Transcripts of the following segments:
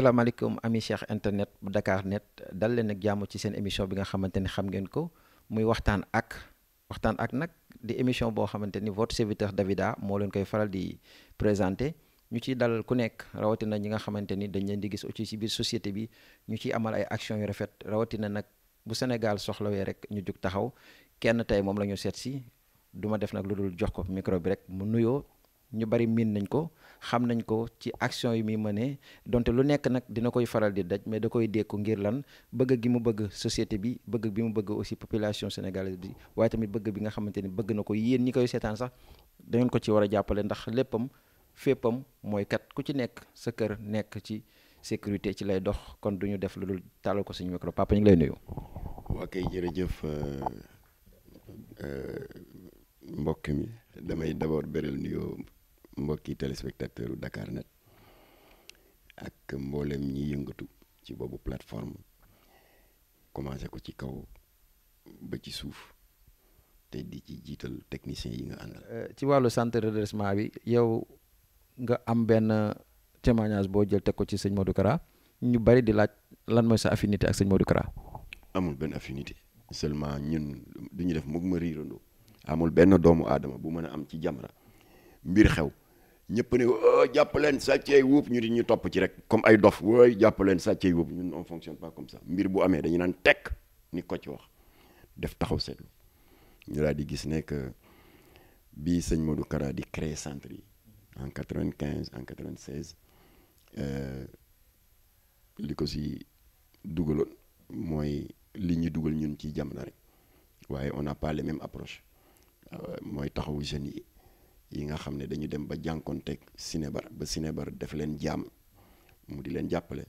asalaamaaleykum ami cheikh internet bu Dakar net dal leen jàmm ci seen émission bi nga xamante ni xam ngeen ko muy waxtaan ak waxtaan ak nag di émission boo xamante ni votre serviteur Davida moo leen koy faral di présenté ñu ciy dalal ku nekk rawatina ñi nga xamante ni dañ leen di gis aussi ci biir société bi ñu ciy amal ay action yu rafet rawatina nag bu Sénégal soxlawee rek ñu jug taxaw kenn tey moom lañu seet si du ma def nag lu dul jox ko micro bi ñu bari miin nañ ko xam nañ ko ci action yi muy mënee donte lu nekk nag dina koy faral di daj mais da koy dékku ngir lan bëgg gi mu bëgg société bi bëgg bi mu bëgg aussi population sénégalaise bi waaye tamit bëgg bi nga xamante ni bëgg na ko yéen ñi koy seetaan sax da ko ci war a jàppale ndax léppam féppam mooy kat ku ci nekk sa kër nekk ci sécurité ci lay dox kon du ñu def lu dul tàllal ko suñu micro papa ñu lay nuyu. waa kay euh, euh, mbokk mi damay mbokki téléspectateur u Dakar Net ak mboolem ñi yëngatu ci boobu plateforme commencé ko ci kaw ba ci suuf te di ci jiital technicien yi nga àndal. Euh, ci wàllu centre de redressement bi yow nga am benn témoignage boo jël teg ko ci sëñ Modou Kara ñu bari di laaj lan mooy sa affinité ak sëñ Modou amul benn affinité seulement ñun du ñu def mug ma riirandoo amul benn doomu aadama bu mën a am ci Jamra mbir xew ñëpp ne oh, jàpp leen sàccee wuub ñu di ñu topp ci rek comme ay dof wooy jàppaleen leen sàccee wuub ñun on fonctionne pas comme ça mbir bu amee dañu naan tek ni ko ci wax def taxaw seetlu ñu daal di gis ne que bi sëñ Modou karaa di créer centre yi en 95 en 96 euh, li ko si dugaloon mooy li ñu dugal ñun ci jamono rek waaye on n'a pas les mêmes approches euh, mooy taxawu jeunes yi yi nga xam ne dañu dem ba teg Sinébar ba Sinébar def leen jaam mu di leen jàppale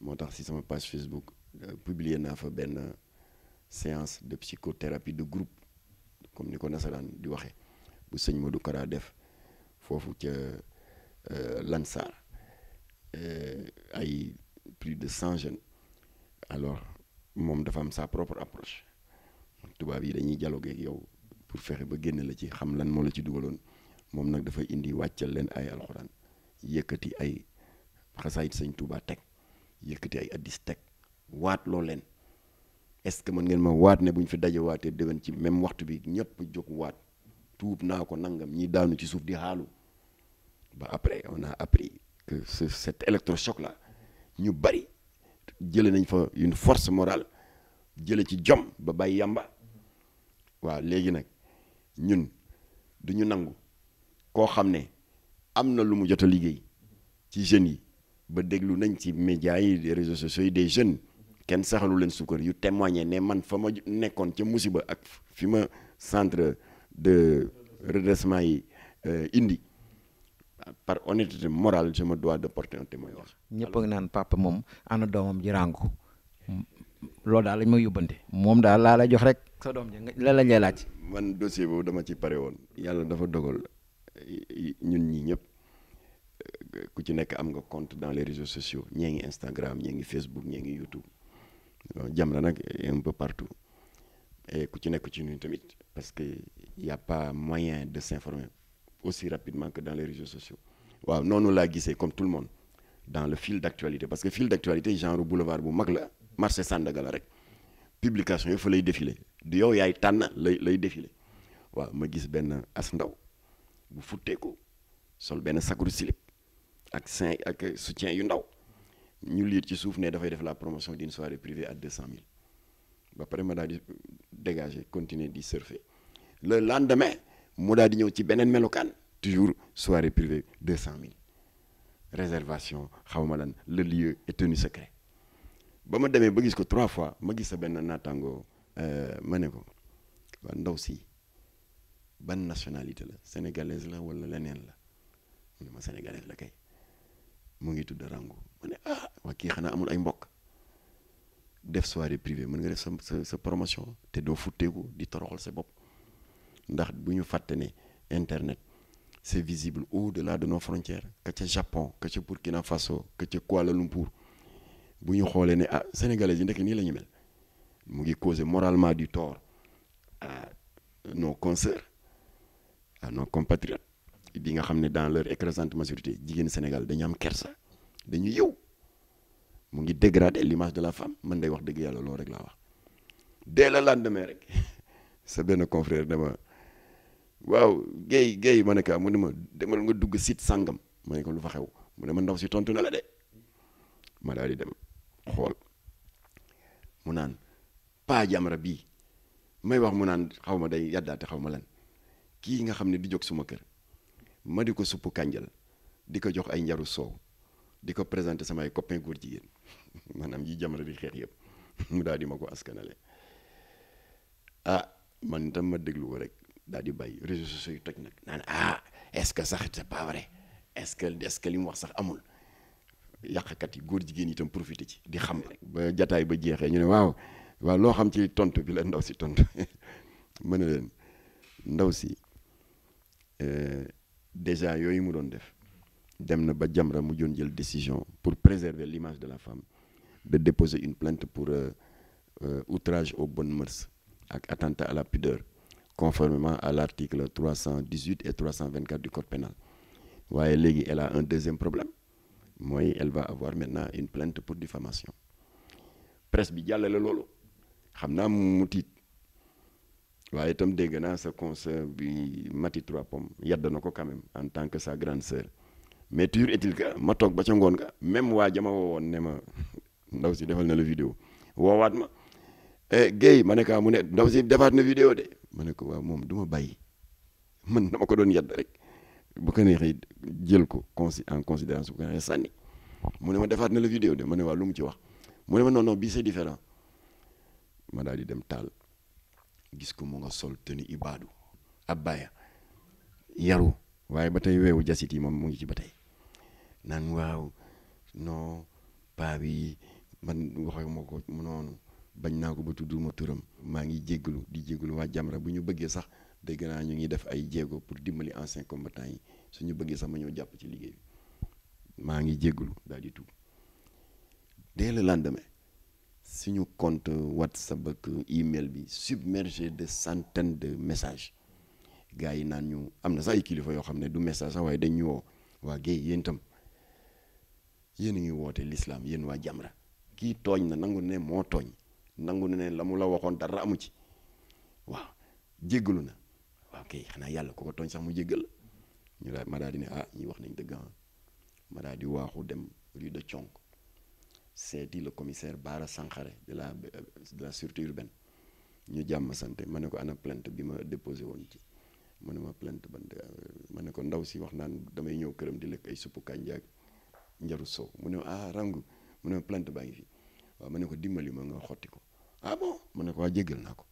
moo tax si sama page Facebook euh, publier naa fa benn séance de psychothérapie de groupe comme ni ko nasaraan di waxee bu sëñ du karaa def foofu ca euh, Lansar euh, ay plus de cent jeunes alors moom dafa am sa propre approche tubaab yi dañuy dialoguer ak yow. pour fexe ba génne la ci xam lan moo la ci dugaloon moom nag dafay indi wàccal leen ay alxuraan yëkkati ay xasaayit sëñ Tuubaa teg yëkkati ay addis teg waat loo leen est-ce que mën ngeen ma waat ne bu ñu fi daje waatee déwén ci même waxtu bi ñëpp jóg waat tuub naa ko nangam ñi daanu ci suuf di xaalu ba après on a après que ce cet électrochoc là ñu bari jële nañ fa une force morale jële ci jom ba bàyyi yàmba waaw léegi nag ñun duñu nangu koo xam ne am na lu mu jot a liggéey ci jeunes yi ba déglu nañ ci médias yi des réseaux sociaux yi des jeunes kenn saxalu leen sukkar yu témoigner ne man fa ma nekkoon ca musiba ak fi ma centre de redressement yi euh, indi par honnêteté morale je me dois de porter un témoin wax. ñëpp a naan papa moom ana doomam ji ràngu loolu daal lañ ma yóbbante moom daal laa lay jox rek. sa doom ja la lañ laa ci man dossier boobu dama ci pare woon yàlla dafa dogal ñun ñi ñëpp eh, ku ci nekk am nga compte dans les réseaux sociaux ñee ngi Instagram ñee ngi Facebook ñee ngi YouTube Jamra nag un peu partout ku ci nekk ci ñun tamit parce que y a moyen de s'informer aussi rapidement que dans les réseaux sociaux waaw noonu laa gisee comme tout le monde dans le fil d'actualité parce que fil d'actualité genre boulevard bu mag la marché Sandaga la publication yi fa lay défiler du yow yaay tànn lay lay défilé waaw ma gis benn as ndaw bu ko sol benn sakuru silip ak sein ak soutien yu ndaw ñu liit ci suuf ne dafay def la promotion d'une soirée privée à deux cent mille ba pare ma daal di dégager continuer di surfer le lendemain mu daal di ñëw ci beneen melokaan toujours soirée privée deux cent mille réservation xaw ma lan le lieu est tenu secret ba ma demee ba gis ko trois fois ma gis sa benn naataango Euh, ma ne ko waa ndaw si ban nationalité la sénégalaise la wala leneen la mu ne ma sénégalaise la kay mu ngi tudd Rango ma ne ah waa kii xanaa amul ay mbokk def soirée privée mën nga def sa sa sa promotion te doo futteeku di toroxal sa bopp ndax bu ñu fàtte ne internet c'est visible au la de nos frontières que ca Japon que ca Burkina Faso que ca Kuala Lumpur bu ñu xoolee ne ah sénégalais yi ndekk nii la ñu mel. mu ngi causer moralement di tort à nos no à nos nga xam ne dans leur écrasante majorité jigéen Sénégal dañu am kersa dañu yëw mu ngi dégrader l'image de la femme man day wax dëgg yàlla loolu rek laa wax dès le lendemain rek sa benn confrère ma waaw géey géey ma ne ko mu ne ma demal nga dugg sit sàngam ma ne ko lu fa xew mu ne ma ndaw si tontu na la de ma daal di dem xool mu naan paa ji bii may wax mu naan xaw ma day yàddaate xaw ma lan kii nga xam ne di jóg suma kër ma di ko suppu kànjal di ko jox ay njaru soow di ko présenté samay copain góor jigéen maanaam yi jamra di xeex yëpp mu daal di ma ko askanale ah man tam ma déglu ko rek daal di bàyyi réseaux sociaux yu toj nag ah est-ce que sax c'est pas vrai est-ce que li mu wax sax amul yàqkat yi góor jigéen itam profité ci di xam rek ba jataay ba jeexee ñu ne waaw waaw loo xam ci tontu bi la ndaw si tontu ma ne leen ndaw si euh, déjà yooyu mu doon def dem na ba Jamra mu joon jël décision pour préserver l'image de la femme de déposer une plainte pour euh, euh, outrage aux bonnes mœurs ak attentat à la pudeur conformément à l'article 318 et 324 du code pénal waaye léegi elle a un deuxième problème mooy elle va avoir maintenant une plainte pour diffamation presse bi jàllale loolu xam naa mu tiit waaye itam dégg naa sa concert bi Mati Trois Pommes yedd na ko quand en tant que sa grande sœur mais toujours est-il ma toog ba ca ngoon nga même waa jama woowoon ne ma ndaw si defal na la vidéo woowaat ma eh, Guèye ma ah, mu ne ndaw si defaat na vidéo de ma ne ko waaw moom du bay bàyyi man dama ko doon yedd rek bu ko neexee jël ko consi en considération bu ko neexee sànni mu ne ma defaat na la vidéo de ma ne waaw lu ci wax mu ne ma non non bii c'est différent ma daal di dem taal gis ko mu nga sol tenu ibaadu abbaaya yaru waaye ba tey wewu jasit yi moom mu ngi ci ba tey naan waaw non man waxee ma ko noonu bañ naa ko ba ma turam maa ngi jégalu di jégalu waa Jamra bu ñu bëggee sax dëgg naa ñu ngi def ay jéego pour dimbali anciens combattants yi suñu bëggee sax ma ñëw jàpp ci liggéey bi maa ngi jégalu daal di tuub dès suñu compte whatsapp ak email bi submergé de centaines de messages gars yi naan ñu am na sax ay kilifa yoo xam ne du message sax waaye dañ ñu woo waa géey yéen itam a ngi woote l'islam yéen waa Jamra kii tooñ na nangu ne moo tooñ nangu ne la mu la waxoon dara amu ci waaw jéggalu na waaw kay xanaa yàlla ku ko tooñ sax mu jéggal ñu ma daal di ne ah ñuy wax nañ dëgg ah. ma daal di waaxu dem rue de Thionk seeti la commissaire Bara Sankhare de la de la urbaine ñu jàmm sante ma ne ko ana plainte bi ma déposé woon ci mu ne ma plainte ban ma ne ko ndaw si wax naan damay ñëw këram di lekk ay suppu kànja ak njaru sow mu ne ah rangu mu ne ma plainte baa ngi fi waaw ma ne ko dimbali ma nga xotti ko ah bon ma ne ko waa jéggal naa ko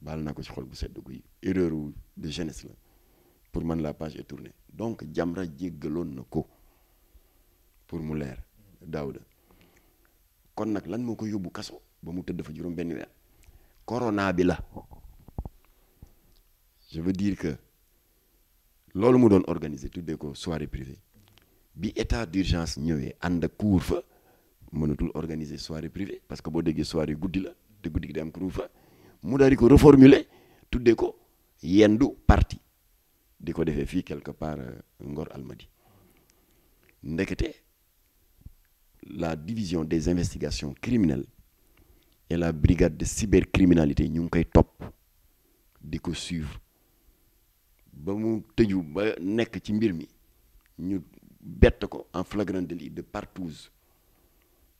baal naa ko ci xol bu sedd guy erreur de jeunesse la pour man laa page est tournée donc Jamra jéggaloon na ko pour mu leer Daouda kon nag lan moo ko yóbbu kaso ba mu tëdd fa juróom benn weer corona bi la je veux dire que loolu mu doon organiser tuddee ko soirée privée bi état d'urgence ñëwee ànd ak couvre fa mënatul organiser soirée privée parce que boo déggee soirée guddi la te guddi gi day am couvre-feu mu dari ko reformuler tuddee ko yendu parti di ko defee fii quelque part euh, Ngor Almadi ndekete la division des investigations criminelle et la brigade de cybercriminalité ñu ngi koy topp di ko suivre ba mu tëju ba nekk ci mbir mi ñu bett ko en flagrant délit de partouze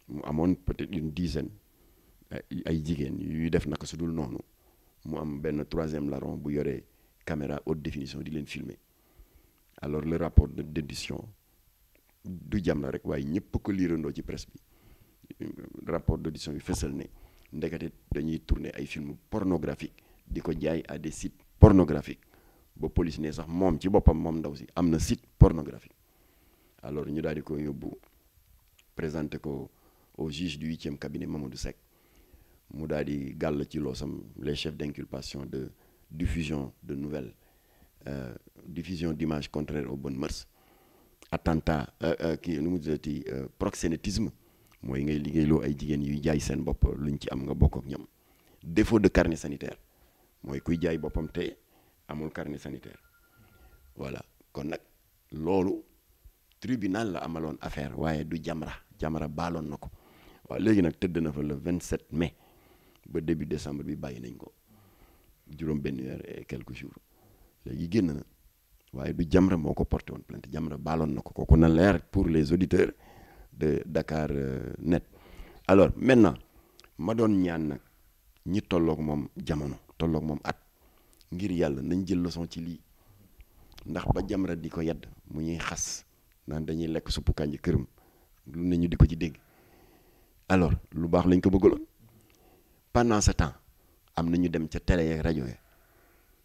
mu amoon peut-être une dizaine ay jigéen yuy def naka su dul noonu mu am benn troisième larron bu yore caméra haute définition di leen filmer alors le rapport de déduction du jam la rek waaye ñëpp ko liirandoo ci presse bi rapport d'audition bi fësal ne ndekete dañuy tourner ay film pornographique di ko jaay à des sites pornographiques ba police ne sax moom ci boppam moom ndaw si am na site pornographique alors ñu daal di ko yóbbu présenté ko au juge du huitième cabinet Mamadou Seck mu daal di gàll ci loosam les chefs d'inculpation de diffusion de nouvelle euh, diffusion dimage contraires aux bonnes mœurs attentat euh, euh, ki nu mu ti euh, proxénétisme mooy ngay liggéeyloo ay jigéen yuy jaay seen bopp luñ ci am nga bokk ak ñoom défaut de carnet sanitaire mooy kuy jaay boppam te amul carnet sanitaire voilà kon nag loolu tribunal la amaloon affaire waaye du Jamra Jamra baaloon na ko waaw léegi nag tëdd na fa le 27 mai ba début décembre bi bàyyi nañ ko juróom benn weer et quelques léegi génn na. waaye du Jamra moo ko porté woon plainte Jamra baaloon na ko kooku na leer pour les auditeurs de Dakar euh, Net alors maintenant ma doon ñaan nag ñi tolloog moom jamono tolloog moom at ngir yàlla nañ jël leçon ci lii ndax ba Jamra di ko yedd mu ñuy xas naan dañuy lekk suppu kànja këram lu ne ñu di ko ci dégg alors lu baax lañ ko bëggaloon pendant ce temps am na ñu dem ca télé yeeg rajo ya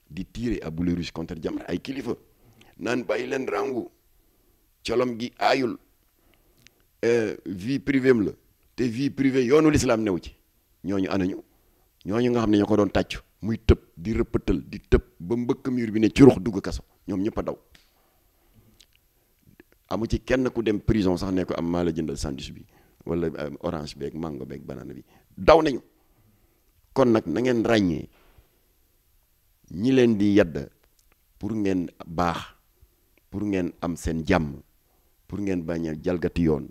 di tirer à boulet rouge contre Jamra ay kilifa. naan bàyyi leen rangu colom gi aayul eh, vie privée la te vie privée yoonu lislaam new ci ñooñu anañu ñooñu nga xam ne ñoo ko doon tàcc muy tëb di rëppatal di tëb ba mbëkk mur bi ne ci ruux dugg kaso ñoom ñëpp a daw amu ci kenn ku dem prison sax ne ko am maa la jëndal sandwich bi wala eh, orange beeg mango beeg banaana bi daw nañu kon nag nangeen ngeen ràññee ñi leen di yedd pour ngeen baax pour ngeen am seen jàmm pour ngeen bañ jalgati yoon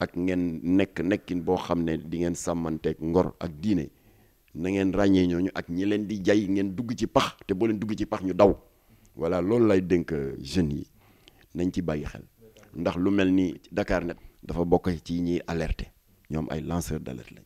ak ngeen nekk nekkin boo xam ne di ngeen sàmmanteeg ngor ak diine na ngeen ràññee ñooñu ak ñi leen di jay ngeen dugg ci pax te boo leen dugg ci pax ñu daw voilà loolu lay dénk jeunes yi nañ ci bàyyi xel ndax lu mel ni Dakar Net dafa bokk ci ñiy alerter ñoom ay lanceur d'alerte lañ